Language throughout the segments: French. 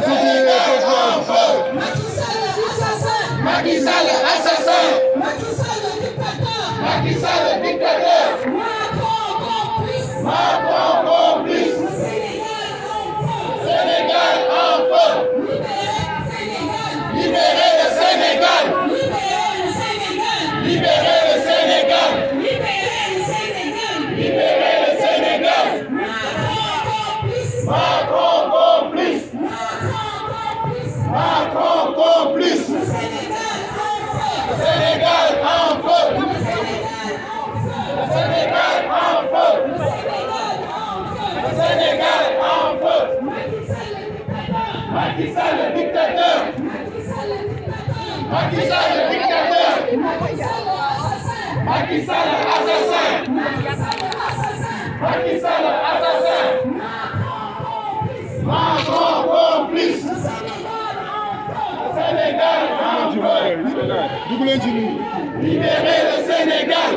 Thank you. Macky Sall le dictateur. Macky Sall le Macky assassin. Macky complice. Sénégal en feu. le Sénégal.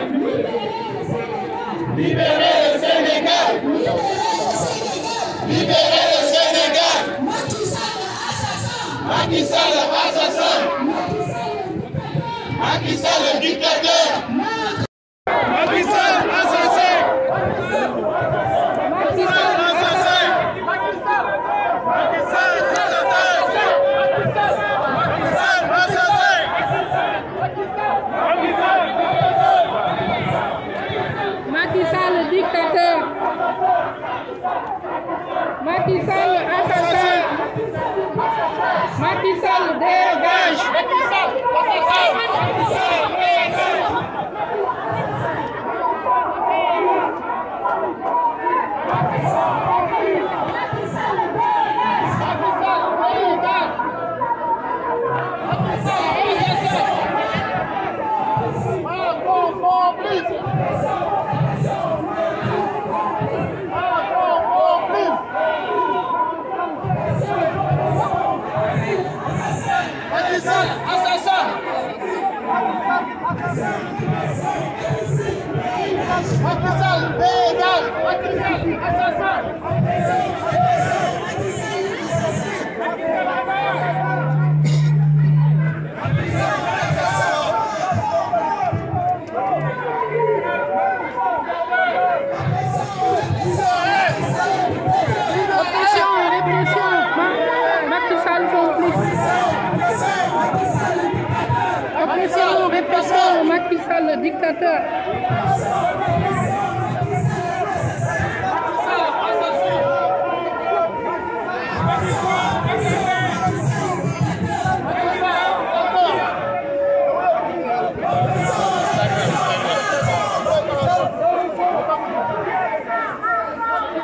Libérez le Sénégal. Libérez Macky Sall assassin Macky Sall dictateur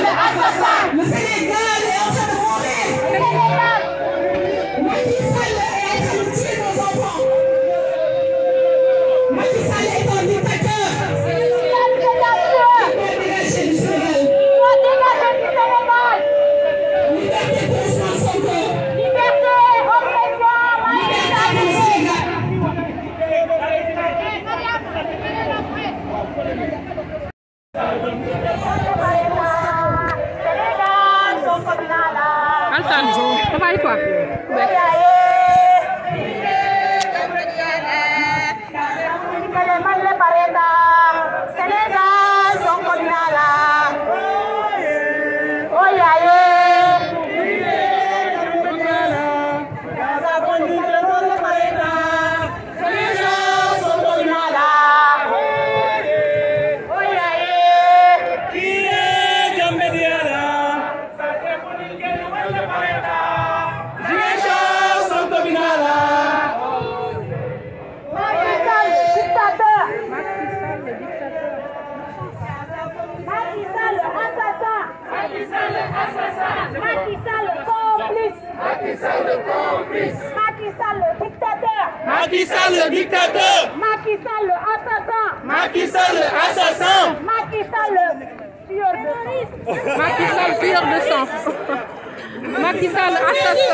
Listen, God, El the woman. Sall le dictateur. Macky Sall le dictateur. Macky Sall le assassin. Macky Sall le assassin. Macky Sall le tueur de sang. Macky Sall tueur de sang. Macky Sall assassin.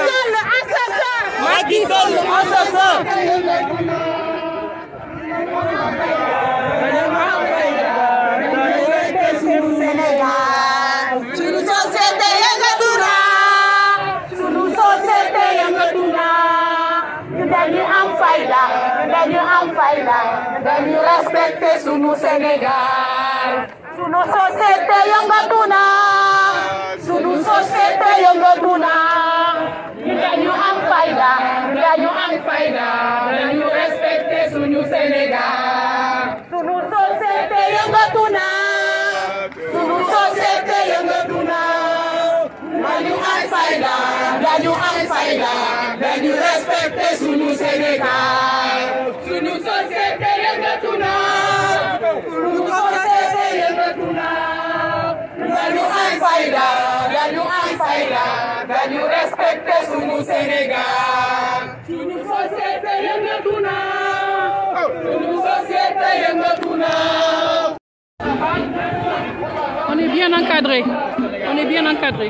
Macky Sall le assassin. Macky Sall le assassin. Dan then you respect Sunu Senegal. Sunu sosete yang batuna, Sunu sosete yang batuna. Then you am faida, dan you am faida, then you respect Sunu Senegal. Sunu sosete yang batuna, Sunu sosete yang batuna. Then you am faida, dan you am faida, then you respect Sunu Senegal. respecté suñu Sénégal suñu société yëngatu na oh. suñu société yëngatu na on est bien encadré on est bien encadré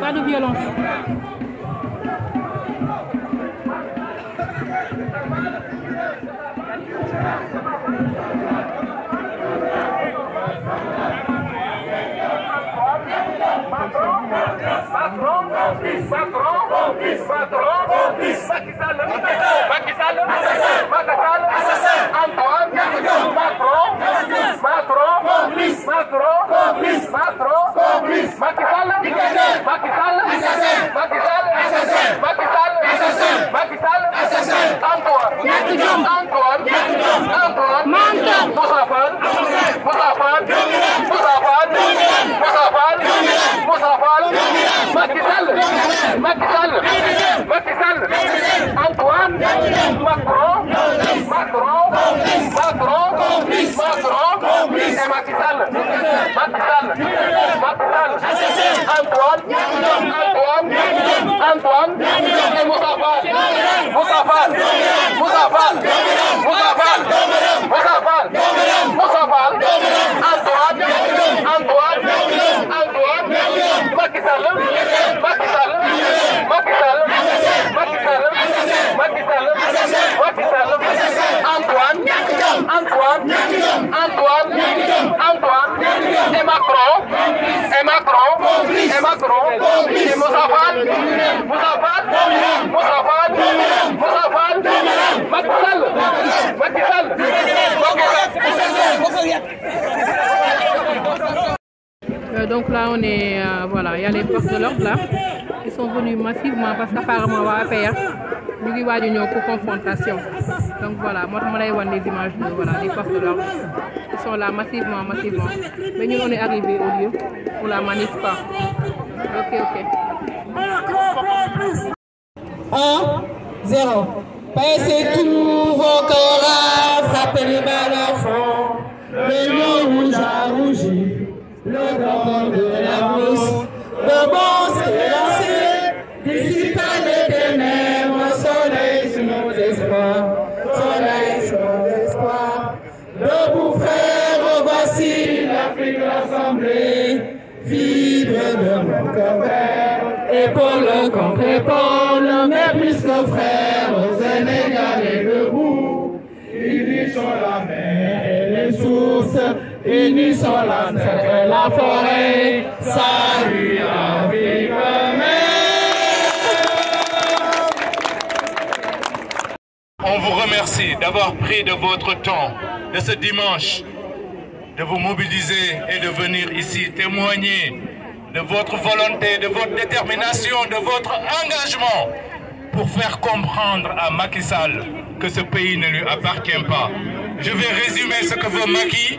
pas de violence Patron, complice, patron, complice, patron, Pakistan Pakistan Makisalo, Makasalo, Antoine, patron, patron, patron, patron, Antoine, Antoine, Antoine, مكي سلم مكي سلم مكي سلم أنطوان ماكرون ماكرون ماكرون ماكرون مكي سلم مكي سلم مكي سلم أنطوان أنطوان أنطوان مصطفى مصطفى مصطفى مصطفى Euh, donc là, on est, euh, voilà, il y a les forces de l'ordre là. Ils sont venus massivement parce qu'apparemment, on va faire. une confrontation donc voilà moi je ma lay les images les forces de l'ordre ils sont là massivement massivement mais nous, on est arrivés au lieu ne la manif pas. ok ok. 1 0 Passez tous vos corps épaule contre épaule, mais puisque frères sénégalais debout, unissons la mer et les sources, unissons la terre et la forêt, salut la vie, On vous remercie d'avoir pris de votre temps de ce dimanche, de vous mobiliser et de venir ici témoigner de votre volonté, de votre détermination, de votre engagement pour faire comprendre à Macky Sall que ce pays ne lui appartient pas. Je vais résumer ce que veut Macky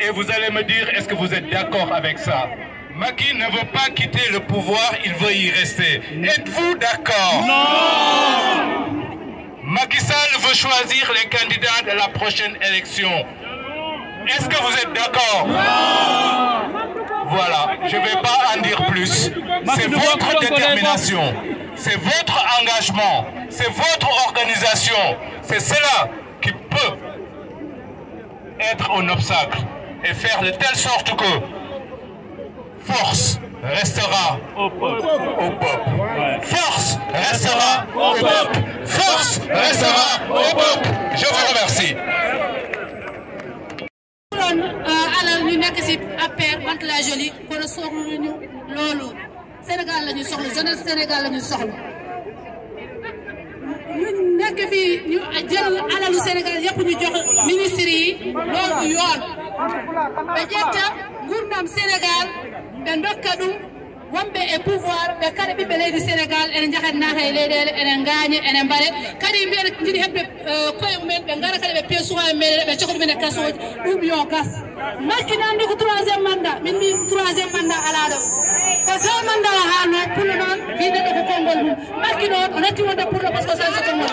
et vous allez me dire est-ce que vous êtes d'accord avec ça Macky ne veut pas quitter le pouvoir, il veut y rester. Êtes-vous d'accord Non Macky Sall veut choisir les candidats de la prochaine élection. Est-ce que vous êtes d'accord Non voilà, je ne vais pas en dire plus. C'est votre détermination, c'est votre engagement, c'est votre organisation. C'est cela qui peut être un obstacle et faire de telle sorte que force restera au peuple. Force restera au peuple. Force restera au peuple. Je vous remercie. doon euh, alal ñu nekk si la jolie kon soxluñu loolu Sénégal la ñu alalu Sénégal yëpp ñu jox ministre yi loolu yoon ba jetta gurnaam Sénégal ɓe dokka wambe e pouvoir ɓe kala ɓiɓɓe leydi sénégal ene jahat naata e leyɗele ene gaañi ene mbare kadi yimɓe ene jiɗi heɓde koye mumen ɓe gara kadi ɓe peesuwaɓe meɗen ɓe cohli men e gasoji ɗum yo gas makkinande ko troisiéme mandat min mbi troisiéme mandat do ko so ha no haalno non bi de ko konngol mum makki on o natti wonde pour le parce que ça c'est comme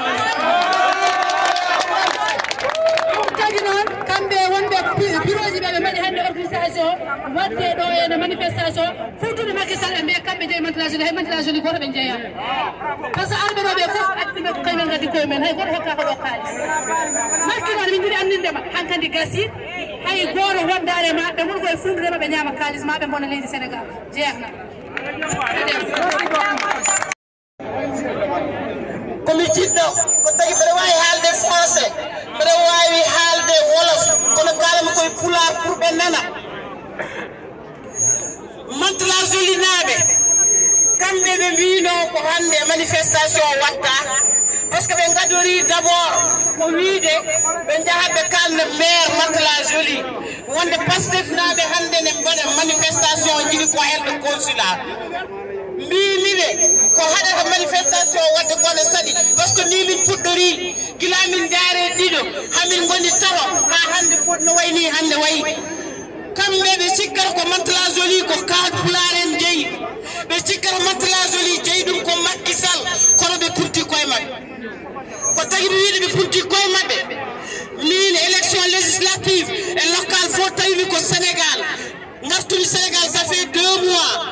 kadi noon kamɓe wonɓe bureau ji ɓe ɓe mbaɗi hannde organisation wadde ɗo ene manifestation fottude makki sall ɓe mbiya kamɓe jeeyi mantelage hay mantelage ni goto ɓe jeeya par ce que arɓe ɗoɓe fof addime ko kañumen gaddi koye men hay goto hokkaka ɗo kaalis makki noon min jiɗi anndindema hankkandi gasi hay goto wondare ma ɓe woni koye fundurema ɓe ñaama kaalis ma ɓe bonna leydi sénégal jeehna ko mi jiɗɗo ko tagi mbeɗa wawi haalde mbeɗen wawi haalde wolof kono kalami koye pular pour ɓe nana mantelage linaɓe kamɓe ɓe mbino ko hande manifestation watta par ce que ɓe gadori d' abord ko wiide ɓe jahaɓe kalna maire mantelage joli wonde pastef naɓe hande ne mbaɗa manifestation jiɗi ko helɗo consulat mbimiɓe ko haɗata manifestation wadde gole saɗi par ce que ni min puɗɗori gila min jaare ɗiɗo hamin goni tawa ha hande fo no wayni hande wayi kamɓe ɓe sikkata ko mantelageoli ko kaplaren jeeyi ɓe sikkata mantelageoli jeeyi ɗum ko makkisal kono ɓe punti koye mabɓe ko tagi mi wiɗe ɓe punti koye mabɓe min élection législative e local fo tawimi ko sénégal gartumi sénégal ça fait deux mois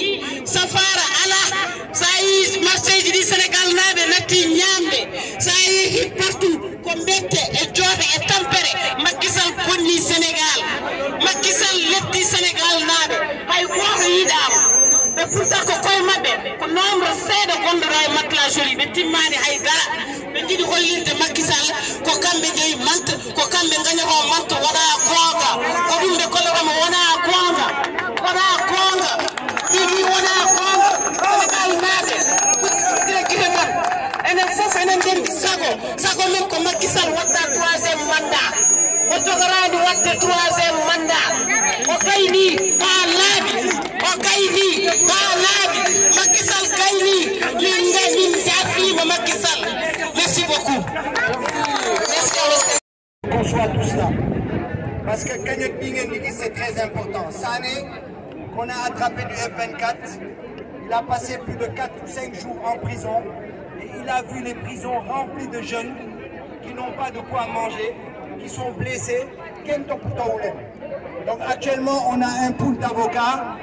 population yi ɓe timmani haydara ɓe jiiɗi hollirde makkisal ko kamɓe jeeyi manta ko kamɓe gañako manta wona goonga ko ɗum nde kollatama wona koonga wona koonga ɗiɗi wona koonga sénégal naaɓe ɓuɗɗire guite tan enen foof enen ndeni sago sago men ko makkisal watta troisiéme mandat o jogorandi wadde troisiéme mandat o kayni ha laaɓi o kayni ha laaɓi makkisal kayni Merci beaucoup. Merci à Qu'on soit tous là. Parce que c'est très important. Sané, qu'on a attrapé du F24, il a passé plus de 4 ou 5 jours en prison. Et il a vu les prisons remplies de jeunes qui n'ont pas de quoi manger, qui sont blessés. Donc actuellement, on a un pool d'avocats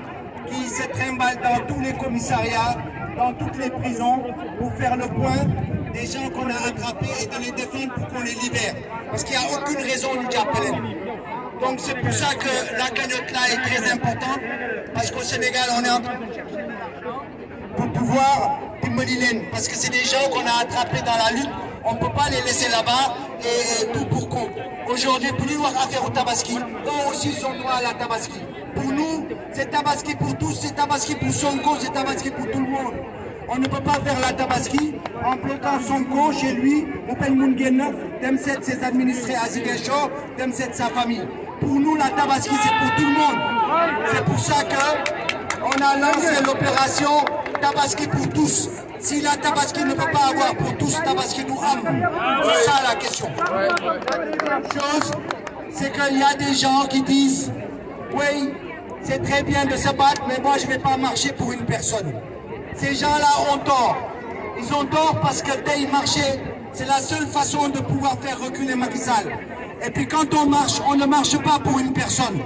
qui se trimballe dans tous les commissariats dans toutes les prisons pour faire le point des gens qu'on a attrapés et de les défendre pour qu'on les libère. Parce qu'il n'y a aucune raison de du appeler. Donc c'est pour ça que la cagnotte là est très importante, parce qu'au Sénégal on est en train de chercher pour pouvoir démolir parce que c'est des gens qu'on a attrapés dans la lutte, on ne peut pas les laisser là-bas et tout pour coup. Aujourd'hui, plus loin à faire au Tabaski, eux aussi son droit à la Tabaski. Pour nous, c'est Tabaski pour tous, c'est Tabaski pour Sonko, c'est Tabaski pour tout le monde. On ne peut pas faire la Tabaski en bloquant Sonko chez lui, au Open Mungena, Temset ses administrés à Ziguinchor, Temset sa famille. Pour nous, la Tabaski, c'est pour tout le monde. C'est pour ça qu'on on a lancé l'opération Tabaski pour tous. Si la Tabaski ne peut pas avoir pour tous, Tabaski nous âme. C'est ça la question. chose, c'est qu'il y a des gens qui disent, oui, c'est très bien de se battre, mais moi je ne vais pas marcher pour une personne. Ces gens-là ont tort. Ils ont tort parce que dès ils marchaient, c'est la seule façon de pouvoir faire reculer Macky Et puis quand on marche, on ne marche pas pour une personne.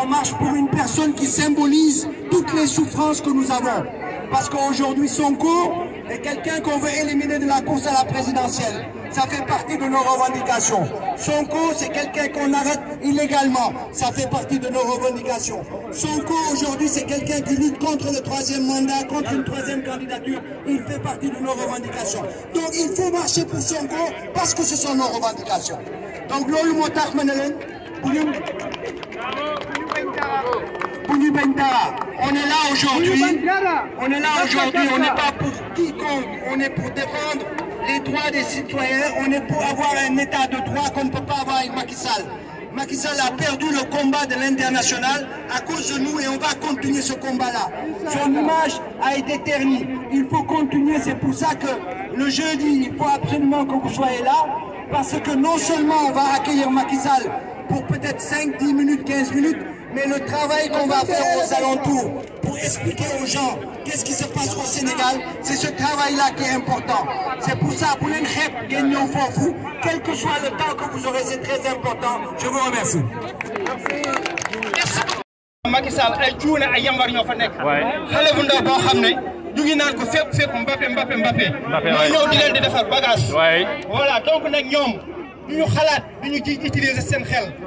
On marche pour une personne qui symbolise toutes les souffrances que nous avons. Parce qu'aujourd'hui, cours est quelqu'un qu'on veut éliminer de la course à la présidentielle. Ça fait partie de nos revendications. Sonko, c'est quelqu'un qu'on arrête illégalement. Ça fait partie de nos revendications. Son cours aujourd'hui, c'est quelqu'un qui lutte contre le troisième mandat, contre une troisième candidature. Il fait partie de nos revendications. Donc, il faut marcher pour Sonko parce que ce sont nos revendications. Donc, l'Olu Menelen, on est là aujourd'hui, on est là aujourd'hui, on n'est pas pour quiconque, on est pour défendre les droits des citoyens, on est pour avoir un état de droit qu'on ne peut pas avoir avec Macky Sall. Macky Sall a perdu le combat de l'international à cause de nous et on va continuer ce combat-là. Son image a été ternie. Il faut continuer, c'est pour ça que le jeudi, il faut absolument que vous soyez là parce que non seulement on va accueillir Macky pour peut-être 5, 10 minutes, 15 minutes, mais le travail qu'on va faire aux alentours pour expliquer aux gens qu'est-ce qui se passe au Sénégal, c'est ce travail-là qui est important. C'est pour ça, pour l'INREP, pour Fofou, quel que soit le temps que vous aurez, c'est très important. Je vous remercie. Macky Sall ay cuune ay yambar ñoo fa nekk xale bu ndaw boo xam ne ñu ko fépp fépp Mbappé Mbappé Mbappé ñoo ñëw di leen di defar bagage voilà donc nak ñom ñu xalat ñu utiliser sen xel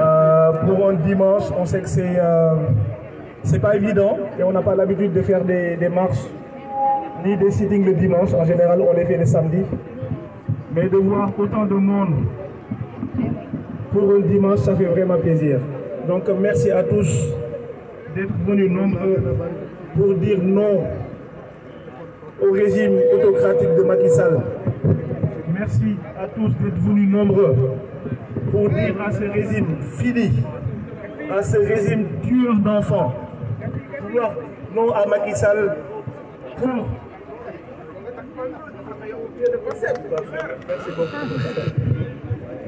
Euh, pour un dimanche, on sait que euh, c'est pas évident et on n'a pas l'habitude de faire des, des marches ni des sittings le dimanche. En général, on les fait le samedi. Mais de voir autant de monde pour un dimanche, ça fait vraiment plaisir. Donc merci à tous d'être venus nombreux pour dire non au régime autocratique de Macky Sall merci à tous d'être venus nombreux pour dire à ce régime fini, à ce régime dur d'enfants, non, non à Macky Sall pour...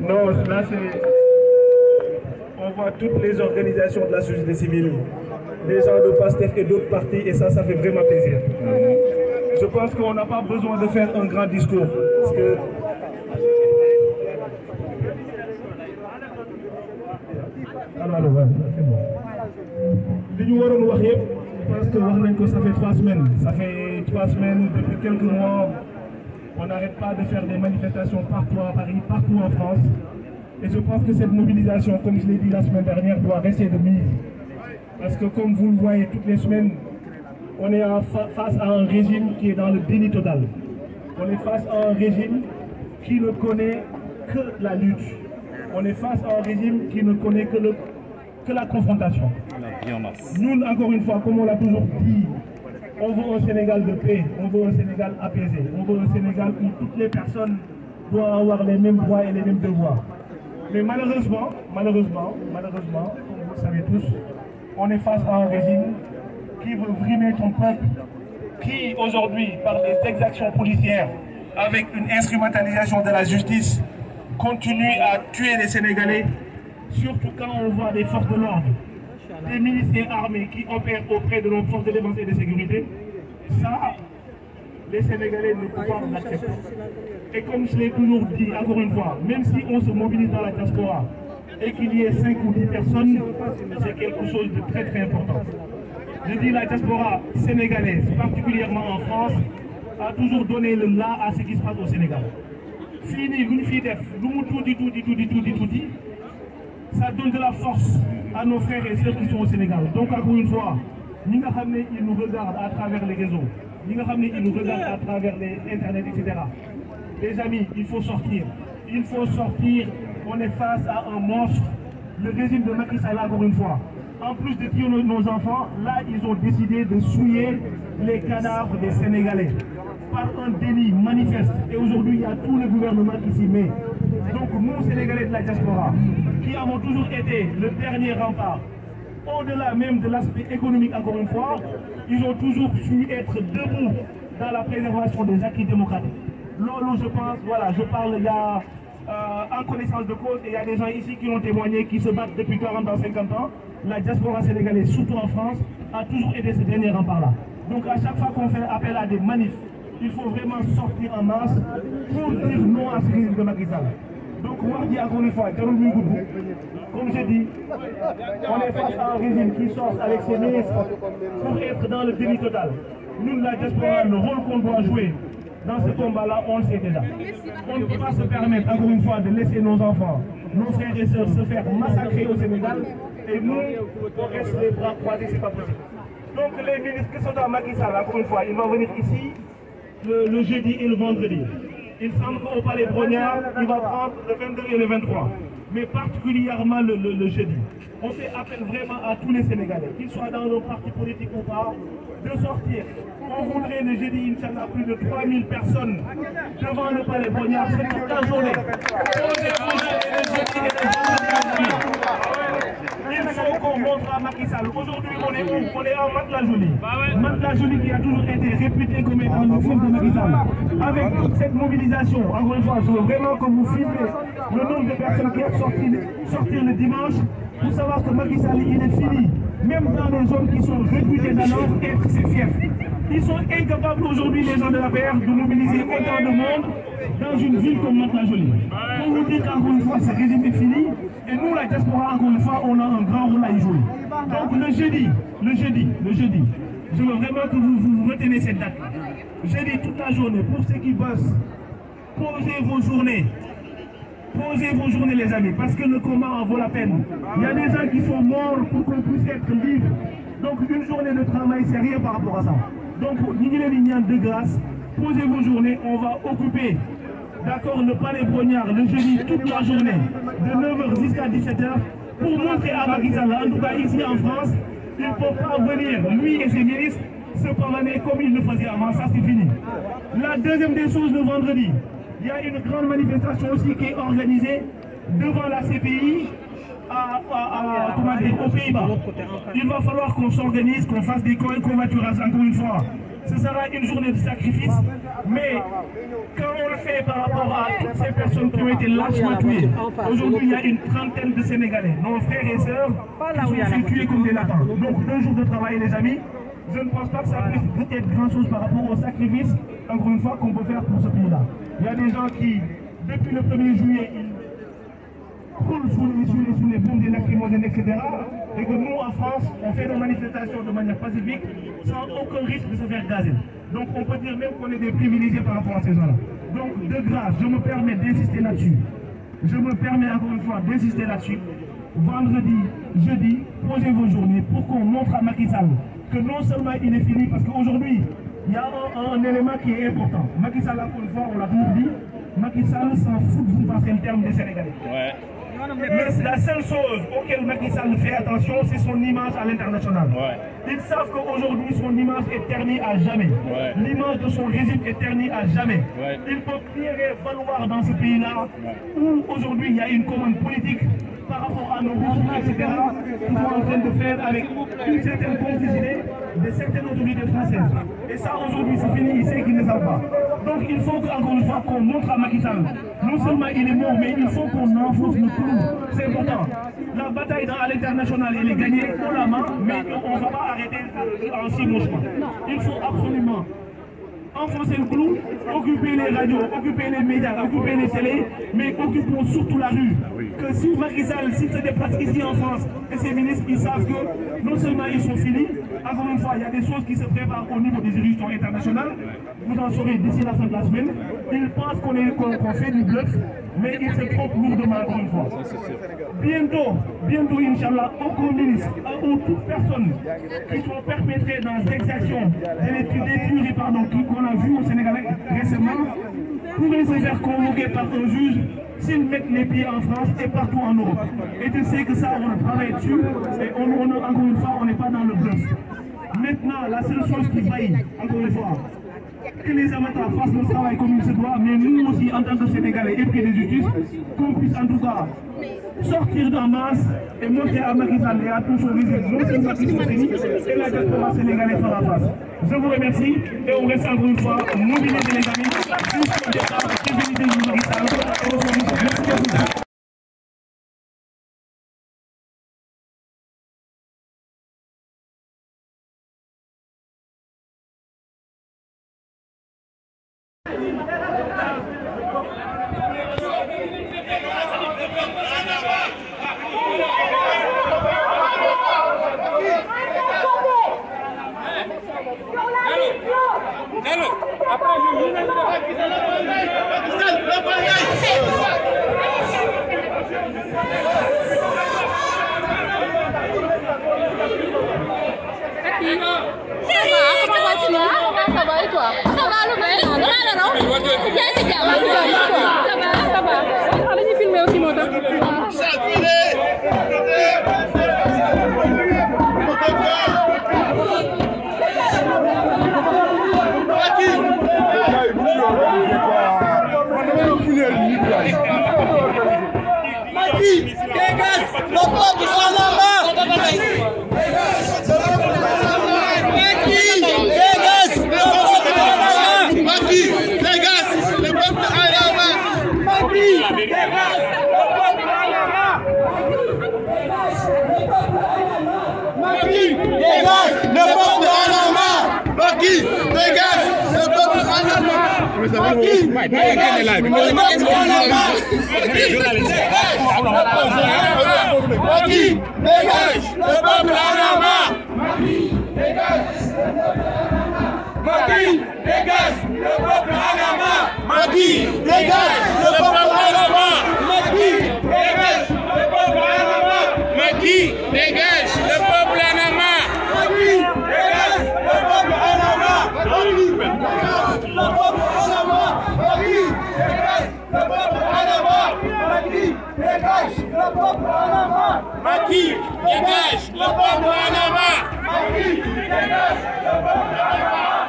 Non, là c'est... On voit toutes les organisations de la société civile, les gens de PASTEF et d'autres partis, et ça, ça fait vraiment plaisir. Je pense qu'on n'a pas besoin de faire un grand discours, parce que là la c'est parce que ça fait trois semaines ça fait trois semaines depuis quelques mois on n'arrête pas de faire des manifestations partout à Paris partout en France et je pense que cette mobilisation comme je l'ai dit la semaine dernière doit rester de mise parce que comme vous le voyez toutes les semaines on est en face à un régime qui est dans le déni total on est face à un régime qui ne connaît que la lutte on est face à un régime qui ne connaît que le la confrontation. Nous, encore une fois, comme on l'a toujours dit, on veut un Sénégal de paix, on veut un Sénégal apaisé, on veut un Sénégal où toutes les personnes doivent avoir les mêmes droits et les mêmes devoirs. Mais malheureusement, malheureusement, malheureusement, vous le savez tous, on est face à un régime qui veut brimer son peuple, qui aujourd'hui, par des exactions policières, avec une instrumentalisation de la justice, continue à tuer les Sénégalais surtout quand on voit des forces de l'ordre, des ministères armés qui opèrent auprès de nos forces de défense et de sécurité, ça, les Sénégalais ne peuvent pas l'accepter. Et comme je l'ai toujours dit, encore une fois, même si on se mobilise dans la diaspora et qu'il y ait 5 ou 10 personnes, c'est quelque chose de très très important. Je dis la diaspora sénégalaise, particulièrement en France, a toujours donné le là à ce qui se passe au Sénégal. Fini, d'EF, tout dit, tout dit, tout dit, tout dit, tout dit, ça donne de la force à nos frères et sœurs qui sont au Sénégal. Donc encore une fois, ils nous regarde à travers les réseaux, ils nous regardent à travers les internet, etc. Les amis, il faut sortir. Il faut sortir. On est face à un monstre. Le régime de Macky encore une fois. En plus de tuer nos enfants, là ils ont décidé de souiller les cadavres des Sénégalais par un délit manifeste. Et aujourd'hui, il y a tout le gouvernement qui s'y met. Donc nous, Sénégalais de la diaspora, qui avons toujours été le dernier rempart, au-delà même de l'aspect économique, encore une fois, ils ont toujours su être debout dans la préservation des acquis démocratiques. Lolo, je pense, voilà, je parle il y a euh, en connaissance de cause, et il y a des gens ici qui ont témoigné, qui se battent depuis 40 ans, 50 ans. La diaspora sénégalaise, surtout en France, a toujours été ce dernier rempart-là. Donc à chaque fois qu'on fait appel à des manifs, il faut vraiment sortir en masse pour dire non à ce régime de Makisal. Donc, moi, je dis encore une fois, comme je dit, on est face à un régime qui sort avec ses ministres pour être dans le délit total. Nous, la diaspora, le rôle qu'on doit jouer dans ce combat-là, on le sait déjà. On ne peut pas se permettre, encore une fois, de laisser nos enfants, nos frères et sœurs se faire massacrer au Sénégal et nous, on reste les bras croisés, c'est pas possible. Donc, les ministres qui sont dans Macky encore une fois, ils vont venir ici le, jeudi et le vendredi. Il semble qu'au Palais Brognard, il va prendre le 22 et le 23, mais particulièrement le, jeudi. On fait appel vraiment à tous les Sénégalais, qu'ils soient dans nos partis politiques ou pas, de sortir. On voudrait le jeudi, Inch'Allah, plus de 3000 personnes devant le Palais Brognard, c'est toute la journée. On le jeudi et le vendredi. Aujourd'hui, on est où On est en matla jolie bah matla jolie qui a toujours été réputé comme étant le fils de Macky Avec toute cette mobilisation, encore une fois, je veux vraiment que vous filmez le nombre de personnes qui ont sortir le dimanche pour savoir que Macky il est fini. Même dans les hommes qui sont réputées d'alors être c'est fier. Ils sont incapables aujourd'hui, les gens de la PR, de mobiliser autant de monde dans une ville comme notre jolie On vous dit qu'encore une fois, c'est résumé fini, et nous, la diaspora, encore une fois, on a un grand rôle à y jouer. Donc le jeudi, le jeudi, le jeudi, je veux vraiment que vous, vous retenez cette date. Jeudi toute la journée, pour ceux qui bossent, posez vos journées. Posez vos journées, les amis, parce que le combat en vaut la peine. Il y a des gens qui sont morts pour qu'on puisse être libre. Donc une journée de travail, c'est rien par rapport à ça. Donc, de grâce, posez vos journées, on va occuper, d'accord, le palais Brognard le jeudi toute la journée, de 9h jusqu'à 17h, pour montrer à Marisala, en tout cas ici en France, il ne faut pas venir, lui et ses ministres, se promener comme il le faisait avant, ça c'est fini. La deuxième des choses, le vendredi, il y a une grande manifestation aussi qui est organisée devant la CPI, bah, il va falloir qu'on s'organise, qu'on fasse des covoiturages, encore une fois. Ce sera une journée de sacrifice, mais quand on le fait par rapport à toutes ces personnes qui ont été lâchement tuées, aujourd'hui il y a une trentaine de Sénégalais, nos frères et sœurs, qui sont tués comme des lapins. Donc deux jours de travail les amis, je ne pense pas que ça puisse être grand chose par rapport au sacrifice, encore une fois, qu'on peut faire pour ce pays-là. Il y a des gens qui, depuis le 1er juillet, ils sous, les bombes des lacrymogènes, etc. Et que nous, en France, on fait nos manifestations de manière pacifique, sans aucun risque de se faire gazer. Donc on peut dire même qu'on est des privilégiés par rapport à ces gens-là. Donc de grâce, je me permets d'insister là-dessus. Je me permets encore une fois d'insister là-dessus. Vendredi, jeudi, posez vos journées pour qu'on montre à Macky Sall que non seulement il est fini, parce qu'aujourd'hui, il y a un, élément qui est important. Macky Sall, encore une fois, on l'a toujours dit, Macky Sall s'en fout de vous passer le terme des Sénégalais. Ouais. Mais la seule chose auquel Macky Sall fait attention, c'est son image à l'international. Ils savent qu'aujourd'hui, son image est ternie à jamais. L'image de son régime est ternie à jamais. Il peut falloir valoir dans ce pays-là où aujourd'hui il y a une commande politique par rapport à nos ressources, etc., qu'on sont en train de faire avec une certaine confusion de certaines autorités françaises. Et ça, aujourd'hui, c'est fini, il sait qu'il ne savent pas. Donc, il faut encore une fois qu'on montre à Macky Sall, non seulement il est mort, mais il faut qu'on enfonce le trou. C'est important. La bataille à l'international, elle est gagnée pour la main, mais on ne va pas arrêter en six mois. Il faut absolument enfoncer le clou, occuper les radios, occuper les médias, occuper les télés, mais occupons surtout la rue. Ah que si Marisol, si se déplace ici en France et ses ministres, ils savent que non seulement ils sont finis, avant une fois, il y a des choses qui se préparent au niveau des institutions internationales. Vous en saurez d'ici la fin de la semaine. Ils pensent qu'on est qu'on fait du bluff mais il se trompe lourdement encore une fois. Bientôt, bientôt, Inch'Allah, aucun ministre ou toute personne qui soit perpétrée dans les exactions des tueries qu'on a vu au Sénégal récemment pourrait se faire convoquer par un juge s'ils mettent les pieds en France et partout en Europe. Et tu sais que ça, on travaille dessus et on, encore une fois, on n'est pas dans le bluff. Maintenant, la seule chose qui faillit, encore une fois, que les amateurs fassent leur travail comme il se doit, mais nous aussi, en tant que Sénégalais et des justices, qu'on puisse en tout cas sortir d'un masse et montrer à Marisal et à tous et la Sénégalais sénégalaise fera face. Je vous remercie et on reste encore une fois mobilisés les amis, tous les du et au à Right, play again alive. Maki, dégage, le peuple en a marre. Maquis, dégage le peuple en avant Maquis, dégage le peuple en avant